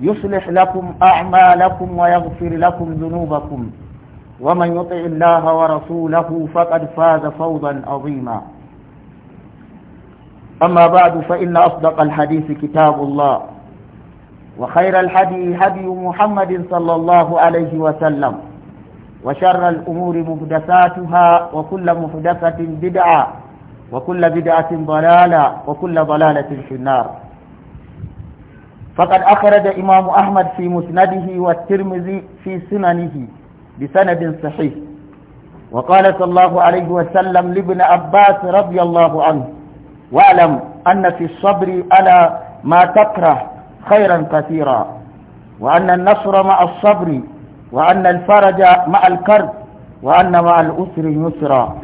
يصلح لكم أعمالكم ويغفر لكم ذنوبكم ومن يطع الله ورسوله فقد فاز فوضا عظيما أما بعد فإن أصدق الحديث كتاب الله وخير الحدي هدي محمد صلى الله عليه وسلم وشر الأمور محدثاتها وكل محدثة بدعة وكل بدعة ضلالة وكل ضلالة في النار فقد أخرج إمام أحمد في مسنده والترمذي في سننه بسند صحيح وقال صلى الله عليه وسلم لابن عباس رضي الله عنه واعلم أن في الصبر على ما تكره خيرا كثيرا وأن النصر مع الصبر وأن الفرج مع الكرب وأن مع الأسر يسرا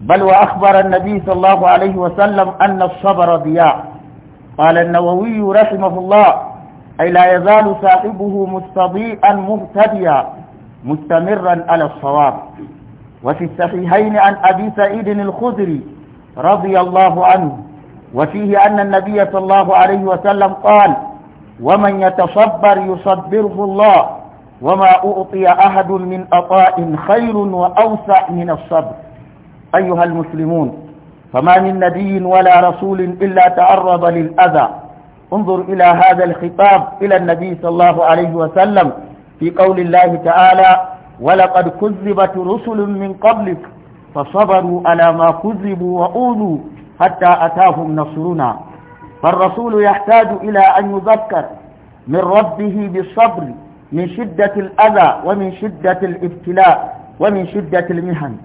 بل وأخبر النبي صلى الله عليه وسلم أن الصبر ضياع قال النووي رحمه الله أي لا يزال صاحبه مستضيئا مهتديا مستمرا على الصواب وفي الصحيحين عن أبي سعيد الخدري رضي الله عنه وفيه أن النبي صلى الله عليه وسلم قال ومن يتصبر يصبره الله وما أعطي أحد من أطاء خير وأوسع من الصبر أيها المسلمون فما من نبي ولا رسول إلا تعرض للأذى انظر إلى هذا الخطاب إلى النبي صلى الله عليه وسلم في قول الله تعالى ولقد كذبت رسل من قبلك فصبروا على ما كذبوا وأوذوا حتى أتاهم نصرنا فالرسول يحتاج إلى أن يذكر من ربه بالصبر من شدة الأذى ومن شدة الابتلاء ومن شدة المهن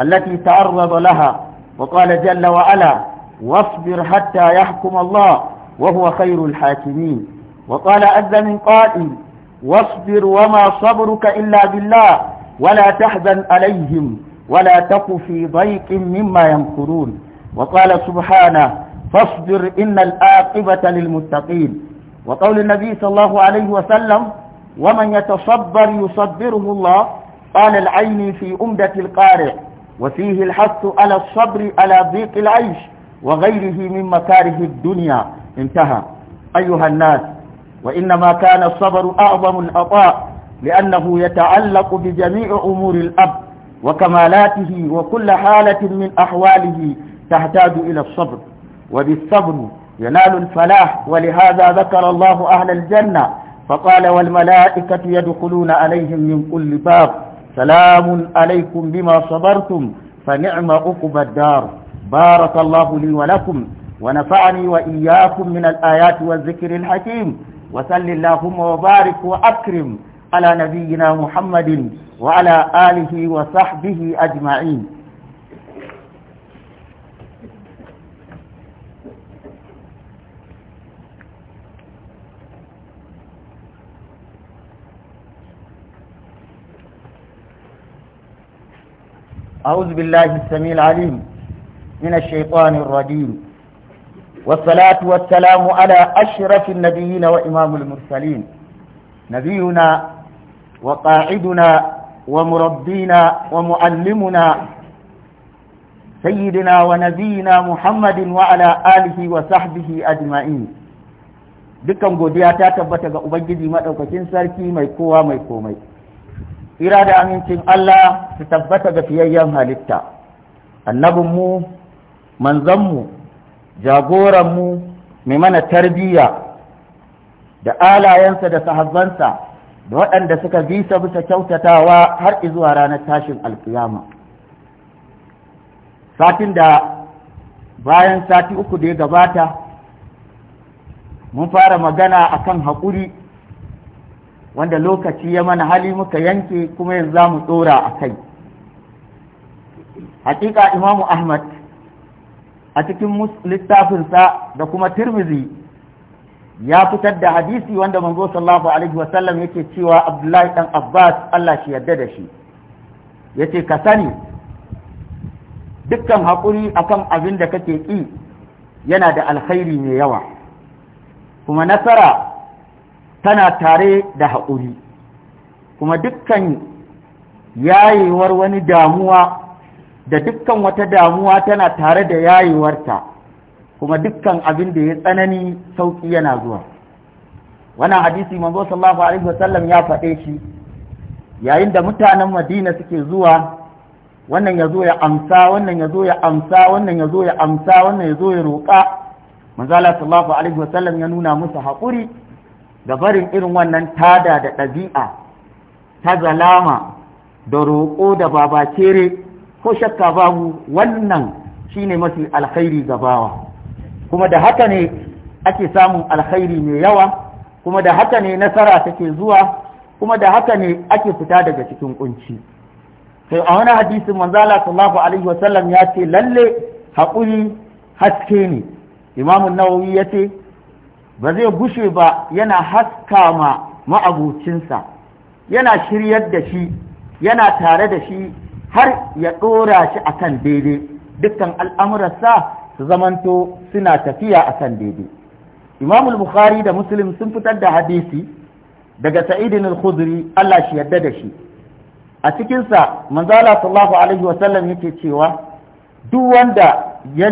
التي تعرض لها وقال جل وعلا واصبر حتى يحكم الله وهو خير الحاكمين وقال عز من قائل واصبر وما صبرك إلا بالله ولا تحزن عليهم ولا تق في ضيق مما يمكرون وقال سبحانه فاصبر إن الآقبة للمتقين وقول النبي صلى الله عليه وسلم ومن يتصبر يصبره الله قال العين في أمدة القارئ وفيه الحث على الصبر على ضيق العيش وغيره من مكاره الدنيا انتهى أيها الناس وإنما كان الصبر أعظم الأطاء لأنه يتعلق بجميع أمور الأب وكمالاته وكل حالة من أحواله تحتاج إلى الصبر وبالصبر ينال الفلاح ولهذا ذكر الله أهل الجنة فقال والملائكة يدخلون عليهم من كل باب سلام عليكم بما صبرتم فنعم عقب الدار بارك الله لي ولكم ونفعني وإياكم من الآيات والذكر الحكيم وسل اللهم وبارك وأكرم على نبينا محمد وعلى آله وصحبه أجمعين أعوذ بالله السميع العليم من الشيطان الرجيم والصلاة والسلام على أشرف النبيين وإمام المرسلين نبينا وقاعدنا ومربينا ومعلمنا سيدنا ونبينا محمد وعلى آله وصحبه أجمعين dukkan godiya أبجدي ما ga ubangiji ما يكوى ما يكوى ما يكوى tsira da amincin Allah su tabbata ga fiyayyen halitta annabin mu, manzanmu jagoranmu mai mana tarbiyya da alayensa da sahabbansa da waɗanda suka bisa bisa kyautatawa har zuwa ranar tashin alkiyama satin da bayan sati uku da ya gabata mun fara magana akan haƙuri wanda lokaci ya mana hali muka yanke kuma yanzu za mu tsora a kai hakika imamu ahmad a cikin littafinsa da kuma tirmizi ya fitar da hadisi wanda manzo sallallahu alaihi wasallam yake cewa abdullahi dan abbas allah shi yarda da shi yace ka sani dukkan haƙuri akan abin da kake ƙi yana da alkhairi mai yawa kuma nasara tana tare da haƙuri kuma dukkan yayewar wani damuwa da dukkan wata damuwa tana tare da yayewarta kuma dukkan abin da ya tsanani sauƙi yana zuwa wannan hadisi manzo sallallahu alaihi wasallam ya faɗe shi yayin da mutanen madina suke zuwa wannan ya zo ya amsa wannan ya zo ya amsa wannan ya zo ya amsa wannan ya zo ya roƙa manzo sallallahu alaihi wasallam ya nuna musu haƙuri da barin irin wannan tada da ɗabi'a ta zalama da roƙo da babakere ko shakka babu wannan shine mafi alkhairi ga bawa kuma da haka ne ake samun alkhairi mai yawa kuma da haka ne nasara take zuwa kuma da haka ne ake fita daga cikin ƙunci? sai a wani hadisin manzala sallallahu alaihi wasallam ya ce lalle haƙuri haske ne imamun nawawi ya ce ba zai gushe ba yana haska ma ma'abucinsa yana shiryar da shi yana tare da shi har ya ɗora shi kan daidai dukkan al'amurarsa su zamanto suna tafiya a kan daidai imamul bukhari da muslim sun fitar da hadisi daga sa'idin al-khudri Allah shi yadda da shi a cikinsa manzala Sallahu alaihi wasallam yake cewa duk wanda ya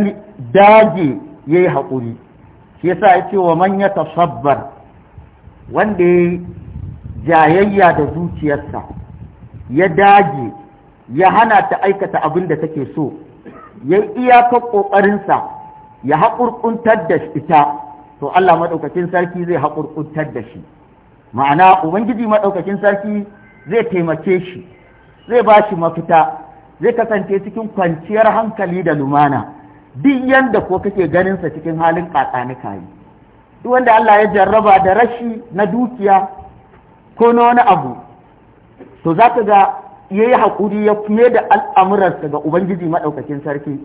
dage ya yi haƙuri shi yasa ya ce wa man ya tasabbar wanda ya jayayya da zuciyarsa ya dage ya hana ta aikata abin da take so ya iyaka ƙoƙarinsa ya haƙurƙuntar da ita to Allah maɗaukacin sarki zai haƙurƙuntar da shi ma'ana ubangiji maɗaukacin sarki zai taimake shi zai ba shi mafita zai kasance cikin kwanciyar hankali da lumana duk yadda ko kake ganinsa cikin halin kakanika ne. duk wanda Allah ya jarraba da rashi na dukiya ko na wani abu to za ka ga yayi hakuri ya fiye da al'amuransa ga ubangiji madaukakin sarki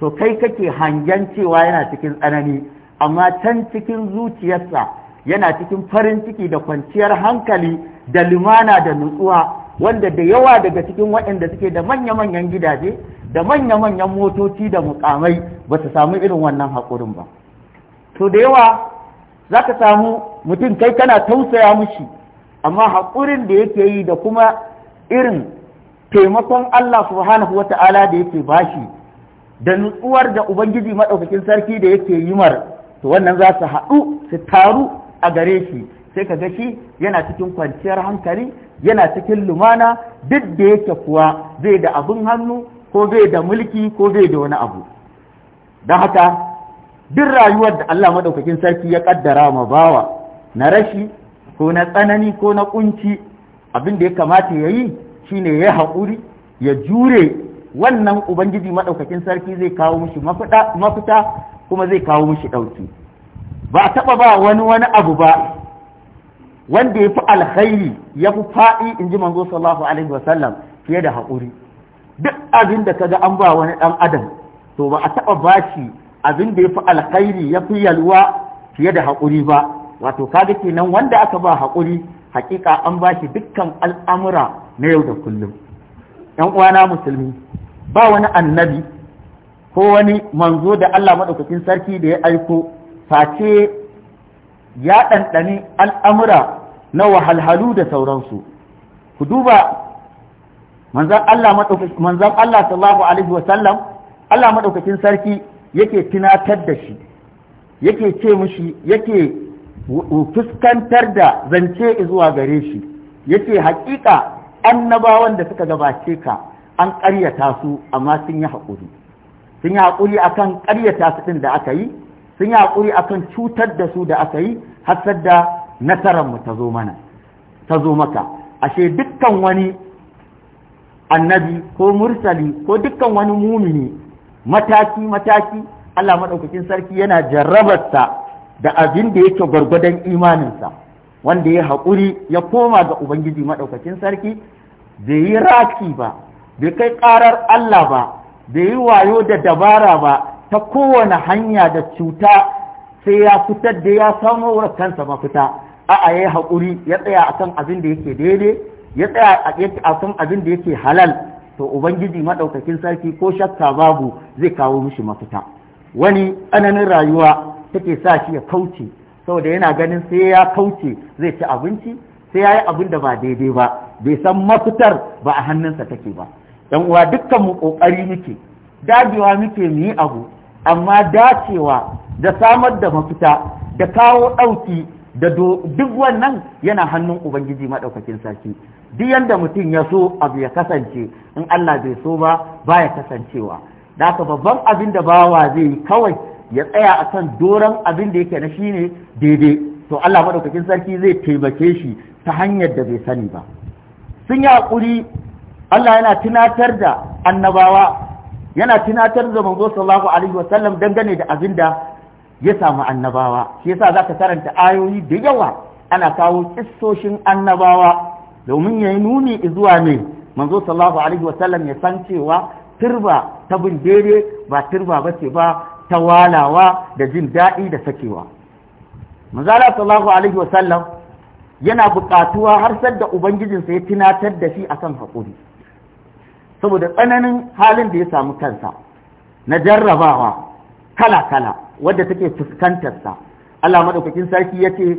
to kai kake hangen cewa yana cikin tsanani amma can cikin zuciyarsa yana cikin farin ciki da kwanciyar hankali da limana da nutsuwa wanda da yawa daga cikin waɗanda suke da manya-manyan gidaje da manya-manyan motoci da mukamai ba su samu irin wannan haƙurin ba to da yawa za ka samu mutum kai kana tausaya mushi amma haƙurin da yake yi da kuma irin taimakon Allah subhanahu wa ta'ala da yake bashi da nutsuwar da Ubangiji maɗaukakin sarki da yake yi mar to wannan za su haɗu su taru a gare shi sai ka ga shi yana cikin kwanciyar hankali yana cikin lumana duk da yake kuwa zai da abin hannu ko bai da mulki ko bai da wani abu don haka duk rayuwar da Allah maɗaukakin sarki ya ƙaddara ma bawa na rashi ko na tsanani ko na ƙunci, abin da ya kamata ya yi shine ya haƙuri ya jure wannan ubangiji maɗaukakin sarki zai kawo mushi mafita kuma zai kawo mushi ɗauki ba a taɓa ba wani wani abu ba wanda ya fi alkhairi ya fi faɗi in ji manzo sallallahu alaihi wasallam fiye da haƙuri duk abin da kaga an ba wani ɗan adam to ba a taba bashi abin da yafi alkhairi yafi yalwa fiye da haƙuri ba wato kaga kenan wanda aka ba haƙuri hakika an bashi dukkan al'amura na yau da kullum yan uwana musulmi ba wani annabi ko wani manzo da Allah madaukakin sarki da ya aiko face ya ɗanɗani al'amura na wahalhalu da sauransu ku duba manzan Allah madaukakin manzan Allah sallallahu alaihi wa sallam Allah madaukakin sarki yake tunatar da shi yake ce mushi yake fuskantar da zance zuwa gare shi yake haƙiƙa annabawan da suka gabace ka an ƙaryata su amma sun yi haƙuri sun yi haƙuri akan ƙaryata su ɗin da aka yi sun yi haƙuri akan cutar da su da aka yi har sadda nasarar mu ta zo mana ta zo maka ashe dukkan wani annabi ko mursali ko dukkan wani mumini mataki mataki Allah maɗaukakin sarki yana jarrabarsa da abin da yake gwargwadon imaninsa wanda ya haƙuri ya koma ga ubangiji maɗaukakin sarki bai yi raki ba bai kai ƙarar Allah ba bai yi wayo da dabara ba ta kowane hanya da cuta sai ya fitar da ya samo kansa mafita a'a ya yi haƙuri ya tsaya akan abin da yake daidai ya tsaya a kan abin da yake halal to ubangiji maɗaukakin sarki ko shakka babu zai kawo mishi mafita wani tsananin rayuwa take sa shi ya kauce saboda yana ganin sai ya kauce zai ci abinci sai ya yi abin da ba daidai ba bai san mafitar ba a hannunsa take ba yan uwa dukkan mu kokari muke dagewa muke mu yi abu amma dacewa da samar da mafita da kawo ɗauki da duk wannan yana hannun ubangiji maɗaukakin sarki duk yanda mutum ya so abu ya kasance in Allah bai so ba ba ya kasancewa da haka babban abin da bawa zai yi kawai ya tsaya akan doron abin da yake na shine daidai to Allah madaukakin sarki zai taimake shi ta hanyar da bai sani ba sun yi hakuri Allah yana tunatar da annabawa yana tunatar da manzo sallallahu alaihi Sallam dangane da abin da ya samu annabawa shi yasa zaka karanta ayoyi da yawa ana kawo kissoshin annabawa domin ya yi nuni zuwa ne manzo sallallahu alaihi wa sallam ya san cewa turba ta bin daidai ba turba ba ce ba ta walawa da jin daɗi da sakewa manzo sallallahu alaihi wa sallam yana buƙatuwa har da ubangijinsa ya tunatar da shi akan haƙuri saboda tsananin halin da ya samu kansa na jarrabawa kala-kala wadda take fuskantarsa Allah maɗaukakin sarki ya ce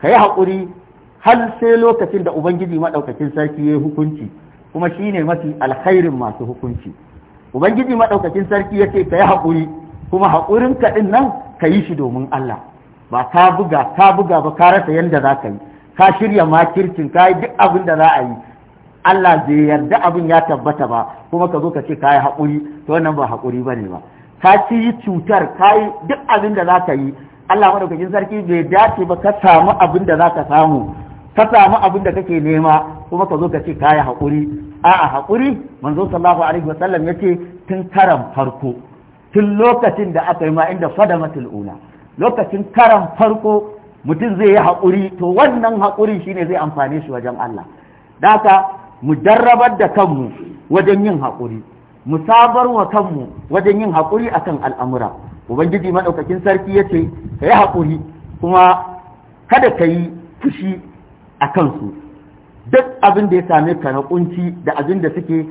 ka yi haƙuri har sai lokacin da ubangiji maɗaukakin sarki ya yi hukunci kuma shi ne mafi alkhairin masu hukunci ubangiji maɗaukakin sarki ya ce ka yi haƙuri kuma haƙurin ka ɗin nan ka yi shi domin Allah ba ka buga ka buga ba ka rasa yanda za ka yi ka shirya makircin ka yi duk abin da za a yi Allah bai yarda abin ya tabbata ba kuma ka zo ka ce ka yi haƙuri to wannan ba haƙuri ba ne ba ka ci cutar ka yi duk abin da za ka yi Allah maɗaukakin sarki bai dace ba ka samu abin da za ka samu ka samu abin da kake nema kuma ka zo ka ce ka yi haƙuri a'a haƙuri manzo sallallahu alaihi wasallam ya ce tun karan farko tun lokacin da aka yi ma inda fada ula lokacin karan farko mutum zai yi haƙuri to wannan haƙuri shine zai amfane shi wajen Allah daka mu jarrabar da kanmu wajen yin haƙuri mu sabar wa kanmu wajen yin haƙuri akan al'amura ubangiji madaukakin sarki yace ka yi haƙuri kuma kada ka yi fushi a kansu duk abin da ya same ka na kunci da abin da suke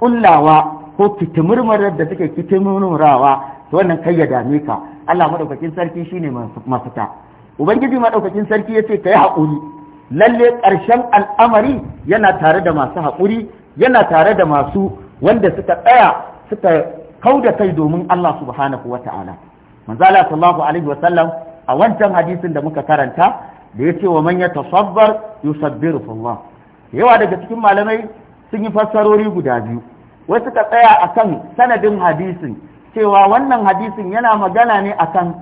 kullawa ko kitimurmarar da suke kitimurmurawa to wannan kai ya dame ka Allah madaukakin sarki shine mafita ubangiji madaukakin sarki yace kai hakuri lalle ƙarshen al'amari yana tare da masu haƙuri yana tare da masu wanda suka tsaya suka kauda kai domin Allah subhanahu wata'ala manzo Allah sallallahu alaihi wasallam a wancan hadisin da muka karanta da ya ce wa manya yatasabbar yusabbiru fallah yawa daga cikin malamai sun yi fassarori guda biyu wai suka tsaya akan sanadin hadisin cewa wannan hadisin yana magana ne akan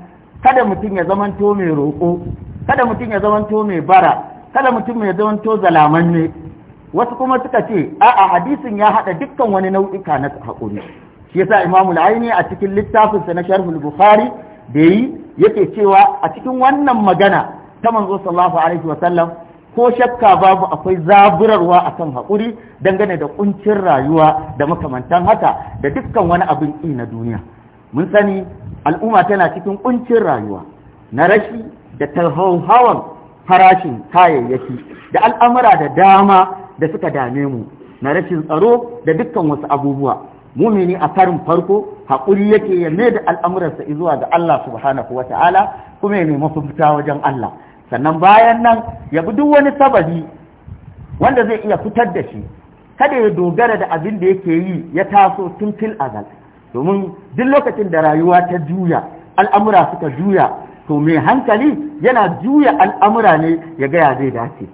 kada mutum ya zamanto mai roƙo kada mutum ya zamanto mai bara kada mutum ya zamanto zalamanne wasu kuma suka ce a'a hadisin ya hada dukkan wani nau'ika na hakuri. shi yasa imamu Al-Aini a cikin littafinsa na Sharh Al-Bukhari da yi yake cewa a cikin wannan magana ta manzo sallallahu alaihi wa sallam ko shakka babu akwai zaburarwa akan haƙuri dangane da kuncin rayuwa da makamantan haka da dukkan wani abin na duniya mun sani al'umma tana cikin kuncin rayuwa na rashi da tarhauhawan farashin kayayyaki da al'amura da dama da suka dame mu na rashin tsaro da dukkan wasu abubuwa mumini a karin farko haƙuri yake ya mai da al'amuransa zuwa ga Allah subhanahu wa ta'ala kuma ya nemi mafita wajen Allah sannan bayan nan ya bi duk wani sababi wanda zai iya fitar da shi kada ya dogara da abin da yake yi ya taso tun fil azal domin duk lokacin da rayuwa ta juya al'amura suka juya to mai hankali yana juya al'amura ne ya gaya zai dace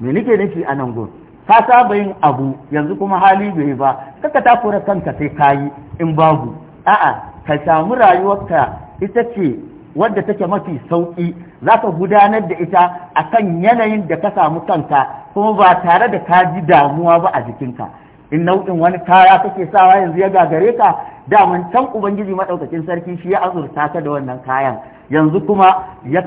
me nake nufi a nan gun ka saba yin abu yanzu kuma hali bai ba kaka fura kanka sai ka yi, in babu a'a ka samu rayuwarka ita ce wadda take mafi sauki za ka gudanar da ita a kan yanayin da ka samu kanka kuma ba tare da ka ji damuwa ba a jikinka in nau'in wani kaya kake sawa yanzu ya gagare ka daman can ubangiji maɗaukacin sarki shi ya azurta ka da wannan kayan yanzu kuma ya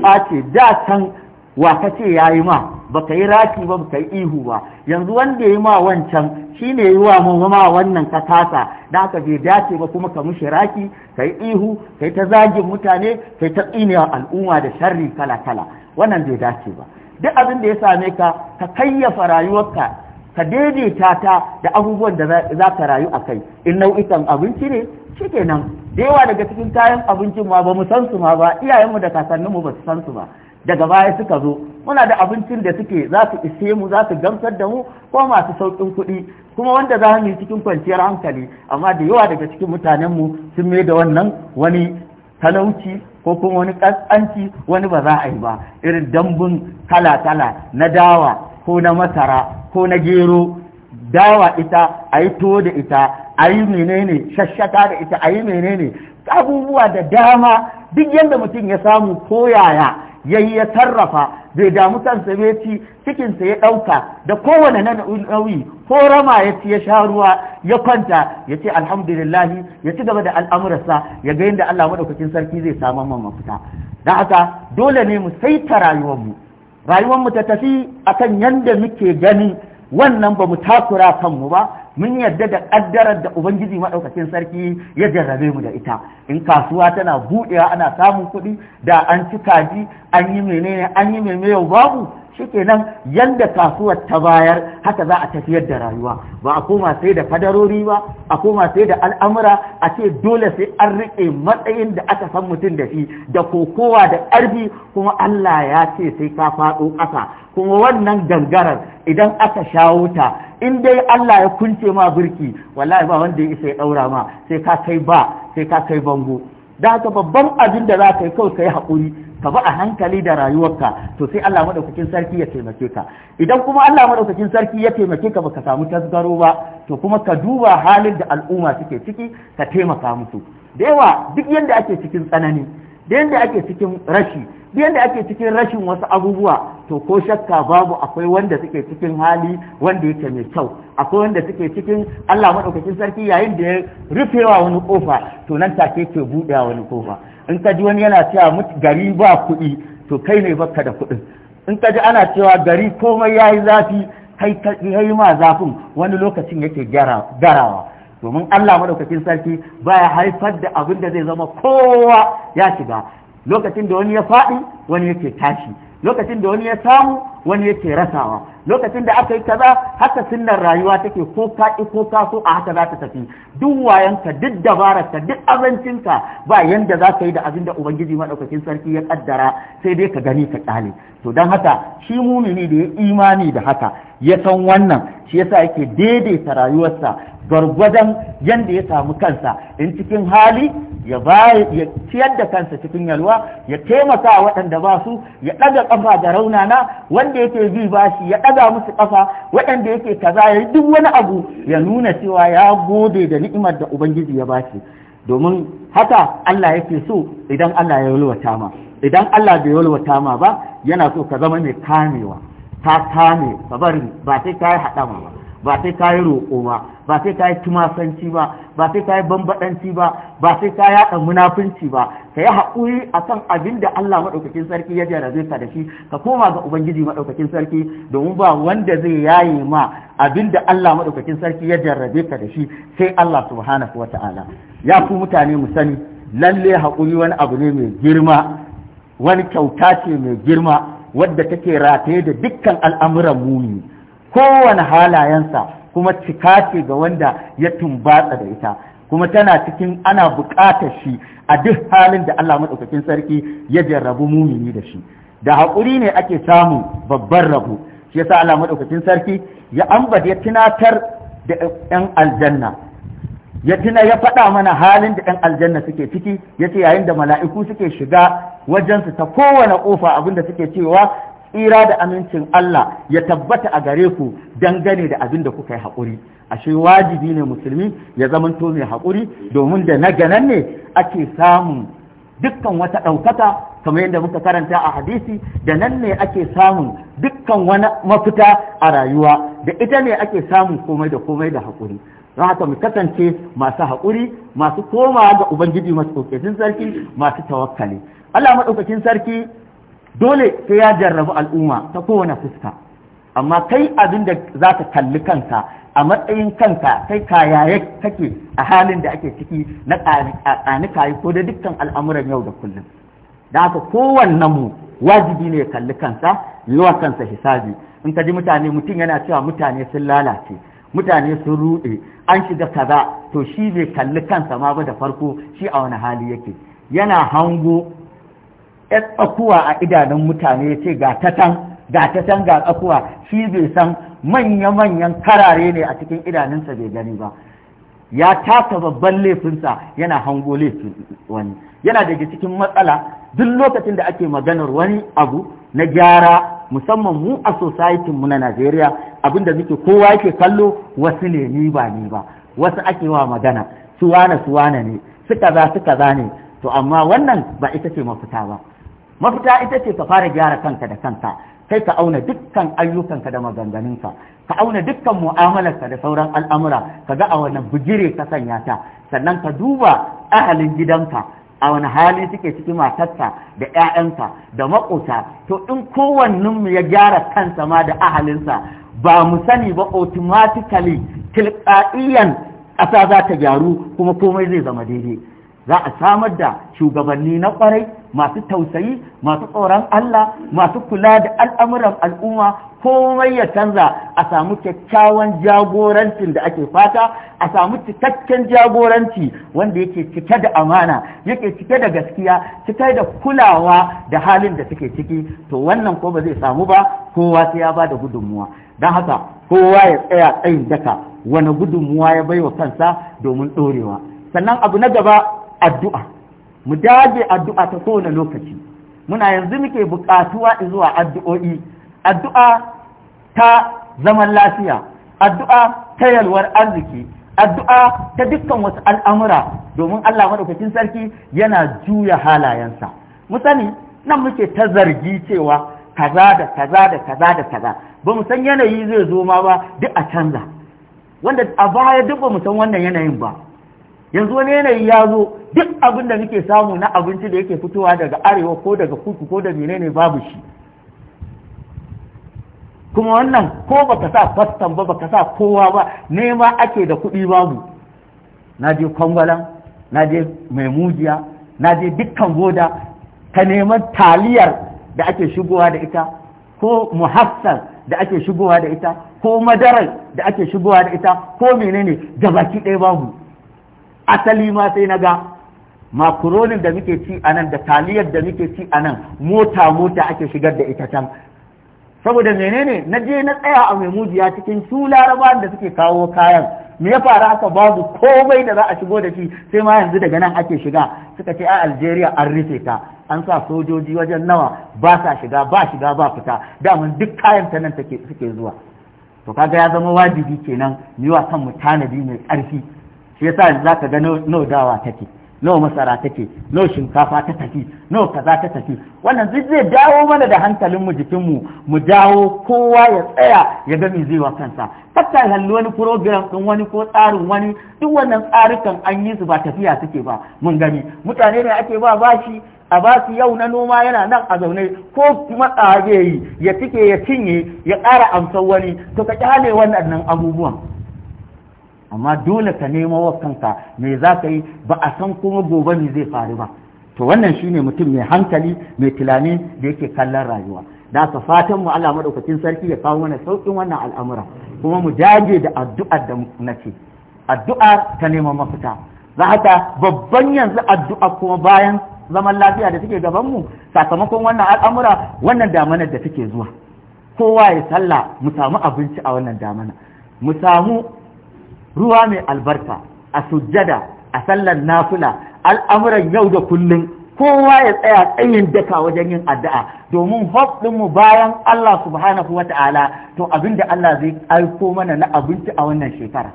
face da can wa ka ce ya yi ma ba ka yi raki ba ka yi ihu ba yanzu wanda ya yi ma wancan shi ne ya yi wa ma wannan ka kasa da aka bai dace ba kuma ka mushi raki ka yi ihu ka yi ta zagin mutane ka yi ta tsinewa al'umma da sharri kala kala wannan bai dace ba duk abin da ya same ka ka kayyafa rayuwarka ka daidaita ta da abubuwan da za ka rayu a kai in nau'ikan abinci ne nan. da yawa daga cikin kayan abincin ma ba mu san su ma ba iyayenmu da kakanninmu ba su san su ba daga baya suka zo muna da abincin da suke za su ishe mu za su gamsar da mu ko masu sauƙin kuɗi kuma wanda za mu yi cikin kwanciyar hankali amma da yawa daga cikin mutanenmu sun mai da wannan wani talauci ko kuma wani ƙasƙanci wani ba za a yi ba irin dambun kala-kala na dawa ko na masara ko na gero dawa ita a yi to da ita a yi menene shashshaka da ita a yi menene abubuwa da dama duk yadda mutum ya samu koyaya yayi ya sarrafa bai damu kansa ya cikinsa ya ɗauka da kowane na nauyi ko rama ya ci ya sha ruwa ya kwanta ya ce alhamdulillahi ya ci gaba da al'amurarsa ya ga yadda Allah maɗaukacin sarki zai samu man mafita don haka dole ne mu saita rayuwarmu rayuwarmu ta tafi akan yadda muke gani wannan ba mu takura kanmu ba mun yadda da ƙaddarar da ubangiji maɗaukacin sarki ya jarrabe mu da ita in kasuwa tana buɗewa ana samun kuɗi da an ci kaji an yi menene an yi mene yau babu shikenan yadda kasuwar ta bayar haka za a tafiyar da rayuwa ba a koma sai da fadarori ba a koma sai da al'amura a ce dole sai an riƙe matsayin da aka san mutum da shi da kokowa da ƙarfi kuma Allah ya ce sai ka faɗo ƙasa kuma wannan gangarar idan aka shawo ta in dai Allah ya kunce ma birki wallahi ba wanda ya isa ya daura ma sai ka kai ba sai ka kai bango da haka babban abin da za ka yi kawai ka yi haƙuri ka ba a hankali da rayuwarka to sai Allah madaukakin sarki ya taimake ka idan kuma Allah madaukakin sarki ya taimake ka baka samu tasgaro ba to kuma ka duba halin da al'umma suke ciki ka taimaka musu da yawa duk yanda ake cikin tsanani da yanda ake cikin rashi duk yadda ake cikin rashin wasu abubuwa to ko shakka babu akwai wanda suke cikin hali wanda yake mai kyau akwai wanda suke cikin Allah madaukakin sarki yayin da ya rufewa wani kofa to nan take ke buɗewa wani kofa in ka ji wani yana cewa gari ba kuɗi to kai ne baka da kuɗin in ka ji ana cewa gari komai yayi zafi kai yi ma zafin wani lokacin yake garawa domin Allah madaukakin sarki baya haifar da abin da zai zama kowa ya shiga lokacin da wani ya faɗi wani yake tashi lokacin da wani ya samu wani yake rasawa lokacin da aka yi kaza haka sunnar rayuwa take ko ka ko ka a haka za ta tafi duk wayanka duk dabararka duk abincinka ba yanda za ka yi da abin da ubangiji madaukakin sarki ya kaddara sai dai ka gani ka kale to dan haka shi mumini da ya imani da haka ya san wannan shi yasa yake daidaita rayuwarsa gwargwadon yanda ya samu kansa in cikin hali ya ya ciyar da kansa cikin yalwa ya taimaka waɗanda ba su ya ɗaga ƙafa da raunana waɗanda yake ba shi ya ɗaga musu ƙasa waɗanda yake kaza ya duk wani abu ya nuna cewa ya gode da ni'imar da ubangiji ya ba shi domin haka Allah yake so idan Allah ya yalwata ma idan Allah bai yalwata ma ba yana so ka zama mai kamewa ka kame ka bari ba sai ka yi haɗama ba ba sai ka yi roƙo ba ba sai ka yi tumasanci ba ba sai ka yi bambaɗanci ba ba sai ka yaɗa munafunci ba ka yi haƙuri a kan abin da Allah maɗaukakin sarki ya jarabe ka da shi ka koma ga Ubangiji maɗaukakin sarki domin ba wanda zai yaye ma abin da Allah maɗaukakin sarki ya jarabe ka da shi sai Allah subhanahu wa ta'ala ya ku mutane mu sani lalle haƙuri wani abu ne mai girma wani kyauta ce mai girma wadda take rataye da dukkan al'amuran muni kowane halayensa kuma cika ce ga wanda ya tumbatsa da ita kuma tana cikin ana buƙatar shi a duk halin da Allah maɗaukakin sarki ya jarrabu mumini da shi da haƙuri ne ake samun babban rabu shi yasa Allah maɗaukakin sarki ya ambata ya tunatar da 'yan aljanna ya tuna ya faɗa mana halin da 'yan aljanna suke ciki ya ce yayin da mala'iku suke shiga wajensu ta kowane ƙofa abinda suke cewa tsira da amincin Allah ya tabbata a gare ku dangane da abin da kuka yi haƙuri ashe wajibi ne musulmi ya zamanto mai haƙuri domin da na ganan ne ake samun dukkan wata ɗaukaka kamar yadda muka karanta a hadisi da nan ne ake samun dukkan wani mafita a rayuwa da ita ne ake samun komai da komai da haƙuri don haka mu kasance masu haƙuri masu komawa ga ubangiji masu sarki masu tawakkali Allah maɗaukakin sarki dole sai ya jarrabu al'umma ta kowane fuska amma kai abin da za ka kalli kanka a matsayin kanka kai kayaye kake a halin da ake ciki na kayi ko da dukkan al'amuran yau da kullum da haka kowanne mu wajibi ne ya kalli kansa yiwa kansa hisabi in ka ji mutane mutum yana cewa mutane sun lalace mutane sun ruɗe an shiga kaza to shi bai kalli kansa ma ba da farko shi a wani hali yake yana hango yar tsakuwa a idanun mutane ya ce ga ta can ga tsakuwa shi bai san manya-manyan karare ne a cikin idanunsa bai gani ba ya taka babban laifinsa yana hango laifin wani yana daga cikin matsala duk lokacin da ake maganar wani abu na gyara musamman mu a society mu na Najeriya abin da muke kowa yake kallo wasu ne ni ba ni ba wasu ake wa magana suwana suwana ne suka za suka za ne to amma wannan ba ita ce mafita ba mafita ita ce ka fara gyara kanka da kanka kai ka auna dukkan ayyukanka da maganganunka ka auna dukkan mu'amalarka da sauran al'amura ka ga a wani bugire ka sanya ta sannan ka duba ahalin gidanka a wani hali suke ciki matarsa da 'ya'yanka da makota to in kowannen mu ya gyara kansa ma da ahalinsa ba mu sani ba automatically tilqa'iyan ƙasa za ta gyaru kuma komai zai zama daidai za a samar da shugabanni na kwarai masu tausayi masu tsoron Allah masu kula da al'amuran al'umma komai ya canza a samu kyakkyawan jagorancin da ake fata a samu cikakken jagoranci wanda yake cike da amana yake cike da gaskiya cike da kulawa da halin da suke ciki to wannan ko ba zai samu ba kowa sai ya ba da gudunmuwa don haka kowa ya tsaya tsayin daka wani gudunmuwa ya baiwa kansa domin ɗorewa sannan abu na gaba addu'a mu dage addu'a ta kowane lokaci muna yanzu muke buƙatuwa zuwa addu'o'i addu'a ta zaman lafiya addu'a ta yalwar arziki addu'a ta dukkan wasu al'amura domin Allah maɗaukakin sarki yana juya halayensa mu sani nan muke ta zargi cewa kaza da kaza da kaza da kaza ba mu san yanayi zai zo ma ba duk a canza wanda a baya duk ba mu san wannan yanayin ba yanzu wani yanayi ya zo duk abin da muke samu na abinci da yake fitowa daga arewa ko daga kuku ko da menene babu shi kuma wannan ko baka sa fastan ba baka sa kowa ba nema ake da kuɗi babu na je kwangwalan na je mai mujiya na je dukkan goda ka neman taliyar da ake shigowa da ita ko muhassan da ake shigowa da ita ko madarar da ake shigowa da ita ko menene gabaki ɗaya babu asali ma sai na ga makuronin da muke ci a nan da taliyar da muke ci a nan mota mota ake shigar da ita can saboda menene na je na tsaya a mai mujiya cikin su larabawan da suke kawo kayan me ya faru haka babu komai da za a shigo da shi sai ma yanzu daga nan ake shiga suka ce a Algeria an rufe ta an sa sojoji wajen nawa ba sa shiga ba shiga ba fita daman duk kayan ta nan suke zuwa to kaga ya zama wajibi kenan mu yi wa kanmu tanadi mai ƙarfi shi yasa za ka ga no dawa take no masara take no shinkafa ta tafi no kaza ta tafi wannan duk zai dawo mana da hankalin mu jikin mu mu dawo kowa ya tsaya ya ga me zai wa kansa hatta halli wani program ɗin wani ko tsarin wani duk wannan tsarukan an yi su ba tafiya suke ba mun gani mutane ne ake ba bashi a ba su yau na noma yana nan a zaune ko kuma zai yi ya cike ya cinye ya ƙara amsar wani to ka kyale wannan abubuwan amma dole ka nemo wa kanka me za ka yi ba a san kuma gobe ne zai faru ba to wannan shine mutum mai hankali mai tunani da yake kallon rayuwa da ka fatan mu Allah madaukakin sarki ya kawo mana saukin wannan al'amura kuma mu dage da addu'ar da nake addu'a ta neman mafita za haka babban yanzu addu'a kuma bayan zaman lafiya da take gaban mu sakamakon wannan al'amura wannan damanar da take zuwa kowa ya sallah mu samu abinci a wannan damana mu samu ruwa mai albarka a sujjada a sallar nafula, al'amuran yau da kullum kowa ya tsaya tsayin daka wajen yin addu'a domin mu bayan Allah subhanahu wa ta'ala to abinda Allah zai aiko mana na abinci a wannan shekara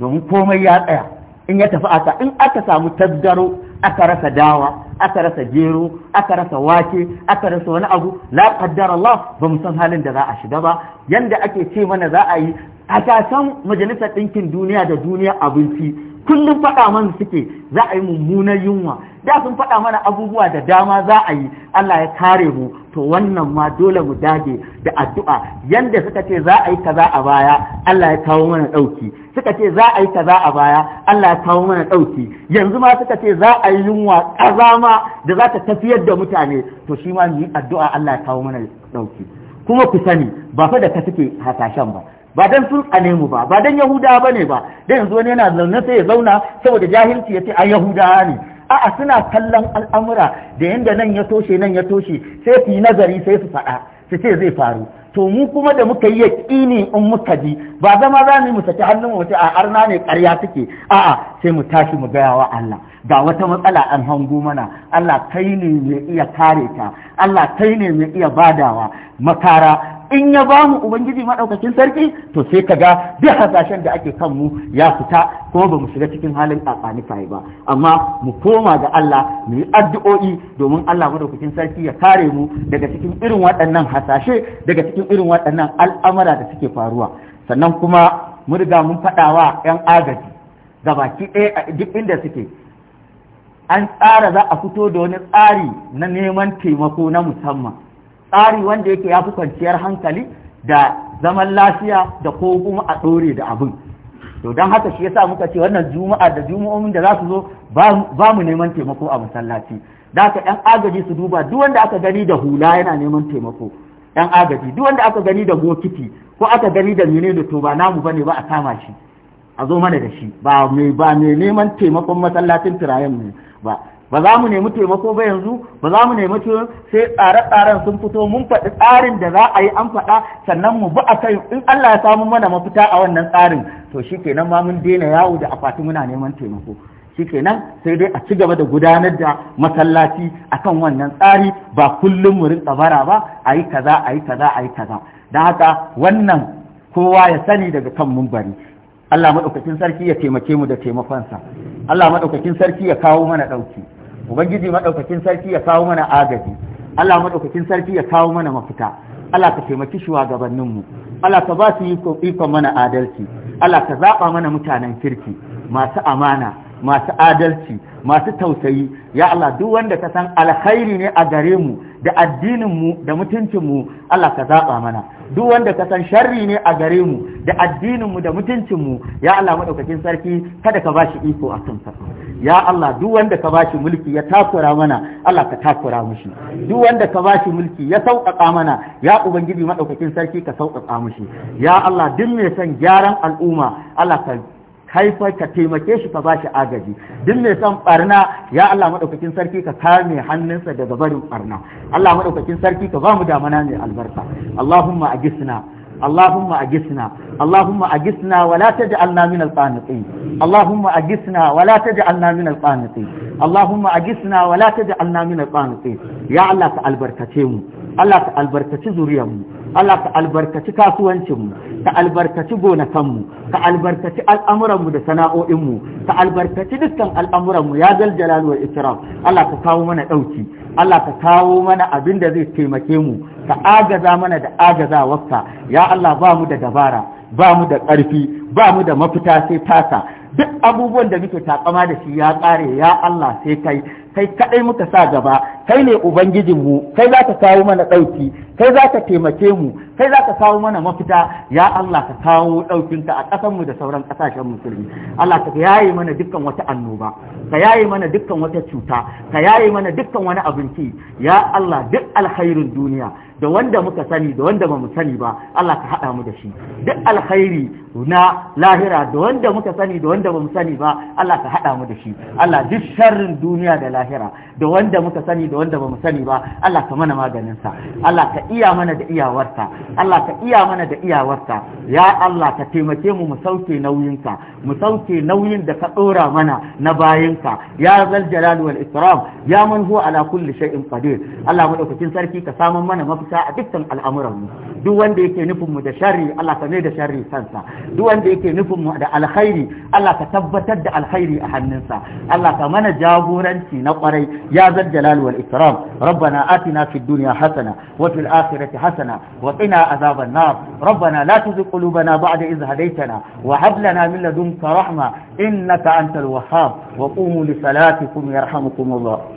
domin komai ya tsaya in ya tafi aka in aka samu tasgaro aka rasa dawa aka rasa gero aka rasa wake aka rasa wani abu la qaddara Allah ba mu san halin da za a shiga ba yanda ake ce mana za a yi a kasan majalisar ɗinkin duniya da duniya abinci kullum faɗa man suke za a yi mummunan yunwa da sun faɗa mana abubuwa da dama za a yi Allah ya kare mu to wannan ma dole mu dage da addu'a yanda suka ce za a yi kaza a baya Allah ya kawo mana ɗauki suka ce za a yi kaza a baya Allah ya kawo mana ɗauki yanzu ma suka ce za a yi yunwa ƙazama da za ta tafiyar da mutane to shi ma mu yi addu'a Allah ya kawo mana ɗauki kuma ku sani ba fa da ka suke hasashen ba ba dan sun tsane mu ba ba dan yahuda ne ba dan yanzu wani yana zaune sai ya zauna saboda jahilci ya ce an yahuda ne a'a suna kallon al'amura da yadda nan ya toshe nan ya toshe sai su yi nazari sai su faɗa su ce zai faru to mu kuma da muka yi yaƙini in muka ji ba zama za mu saki hannun mu a arna ne ƙarya suke a'a sai mu tashi mu gaya wa Allah ga wata matsala an hango mana Allah kai ne mai iya kare ta Allah kai ne mai iya badawa makara in ya ba mu ubangiji maɗaukakin sarki to sai ka ga duk hasashen da ake kan mu ya fita kuma ba mu shiga cikin halin fahi ba amma mu koma ga Allah mu yi addu'o'i domin Allah maɗaukakin sarki ya kare mu daga cikin irin waɗannan hasashe daga cikin irin waɗannan al'amara da suke faruwa sannan kuma mu riga mun faɗawa 'yan agaji gabaki ɗaya a duk inda suke an tsara za a fito da wani tsari na neman taimako na musamman tsari wanda yake ya fi kwanciyar hankali da zaman lafiya da ko kuma a ɗore da abin to don haka shi yasa muka ce wannan juma'a da juma'omin da za su zo ba mu neman taimako a masallaci da haka yan agaji su duba duk wanda aka gani da hula yana neman taimako yan agaji duk wanda aka gani da bokiti ko aka gani da da to ba namu bane ba a kama shi a zo mana da shi ba mai neman taimakon masallacin tirayen mu ba ba za mu nemi taimako ba yanzu ba za mu nemi taimako sai tsare-tsaren sun fito mun faɗi tsarin da za a yi an faɗa sannan mu bi a kai in Allah ya samu mana mafita a wannan tsarin to shikenan ma mun daina yawo da akwati muna neman taimako shikenan sai dai a ci gaba da gudanar da masallaci akan wannan tsari ba kullum mu rinka bara ba a yi kaza a yi kaza a yi kaza don haka wannan kowa ya sani daga kan mun bari. Allah maɗaukakin sarki ya taimake mu da taimakonsa Allah maɗaukakin sarki ya kawo mana ɗauki ubangiji maɗaukakin sarki ya kawo mana agaji Allah maɗaukakin sarki ya kawo mana mafita Allah ka taimaki shugabanninmu Allah ka ba su yi ikon mana adalci Allah ka zaɓa mana mutanen kirki masu amana masu adalci masu tausayi ya Allah duk wanda ka san alkhairi ne a gare mu da addinin mu da mutuncin mu Allah ka zaba mana duk wanda ka san sharri ne a gare mu da addinin mu da mutuncin mu ya Allah madaukakin sarki kada ka bashi iko a kansa ya Allah duk wanda ka bashi mulki ya takura mana Allah ka takura mushi duk wanda ka bashi mulki ya sauƙaƙa mana ya ubangiji madaukakin sarki ka sauƙaƙa mushi ya Allah duk mai san gyaran al'umma Allah ka kai ka taimake shi ka bashi agaji duk mai son barna ya Allah madaukakin sarki ka kame hannunsa daga barin barna Allah madaukakin sarki ka ba mu damana mai albarka Allahumma ajisna اللهم أجسنا اللهم أجسنا ولا تجعلنا من القانطين اللهم أجسنا ولا تجعلنا من القانطين اللهم Allah ka albarkaci kasuwancinmu ka albarkaci gonakanmu ka albarkaci al'amuranmu da sana'o'inmu ka albarkaci dukkan al'amuranmu ya zal jalal wal ikram Allah ka kawo mana ɗauki, Allah ka kawo mana abin da zai taimake mu ka agaza mana da agazawarka ya Allah ba mu da dabara ba mu da ƙarfi ba mu da mafita sai tasa duk abubuwan da muke takama da shi ya ƙare ya Allah sai kai kai kadai muka sa gaba kai ne ubangijinmu kai za ka kawo mana ɗauki kai za ka taimake mu kai za ka kawo mana mafita ya Allah ka kawo ɗaukinka a ƙasanmu da sauran ƙasashen musulmi Allah ka yaye mana dukkan wata annoba ka yaye mana dukkan wata cuta ka yaye mana dukkan wani abinci ya Allah duk alkhairin duniya da wanda muka sani da wanda ba mu sani ba Allah ka haɗa mu da shi duk alkhairi na lahira da wanda muka sani da wanda ba mu sani ba Allah ka haɗa mu da shi Allah duk sharrin duniya da lahira da wanda muka sani da wanda ba mu sani ba Allah ka mana maganin sa Allah ka iya mana da iyawarsa Allah ka iya mana da iyawarsa ya Allah ka taimake mu mu sauke nauyin nauyinka mu sauke nauyin da ka dora mana na bayin ka. ya zal jalal wal ikram ya man huwa ala kulli shay'in qadir Allah madaukakin sarki ka samu mana mafita a dukkan al'amuranmu duk wanda yake nufin mu da sharri Allah ka mai da shari kansa duk wanda yake nufin mu da alkhairi Allah ka tabbatar da alkhairi a hannunsa Allah ka mana jagoranci na kwarai ya zal jalal wal ikram rabbana atina fid dunya hasana wa fil akhirati hasana wa qina azaban nar rabbana la tuzigh qulubana ba'da idh hadaytana wa hab lana min ladunka rahma innaka antal wahhab wa qumu li salatikum yarhamukum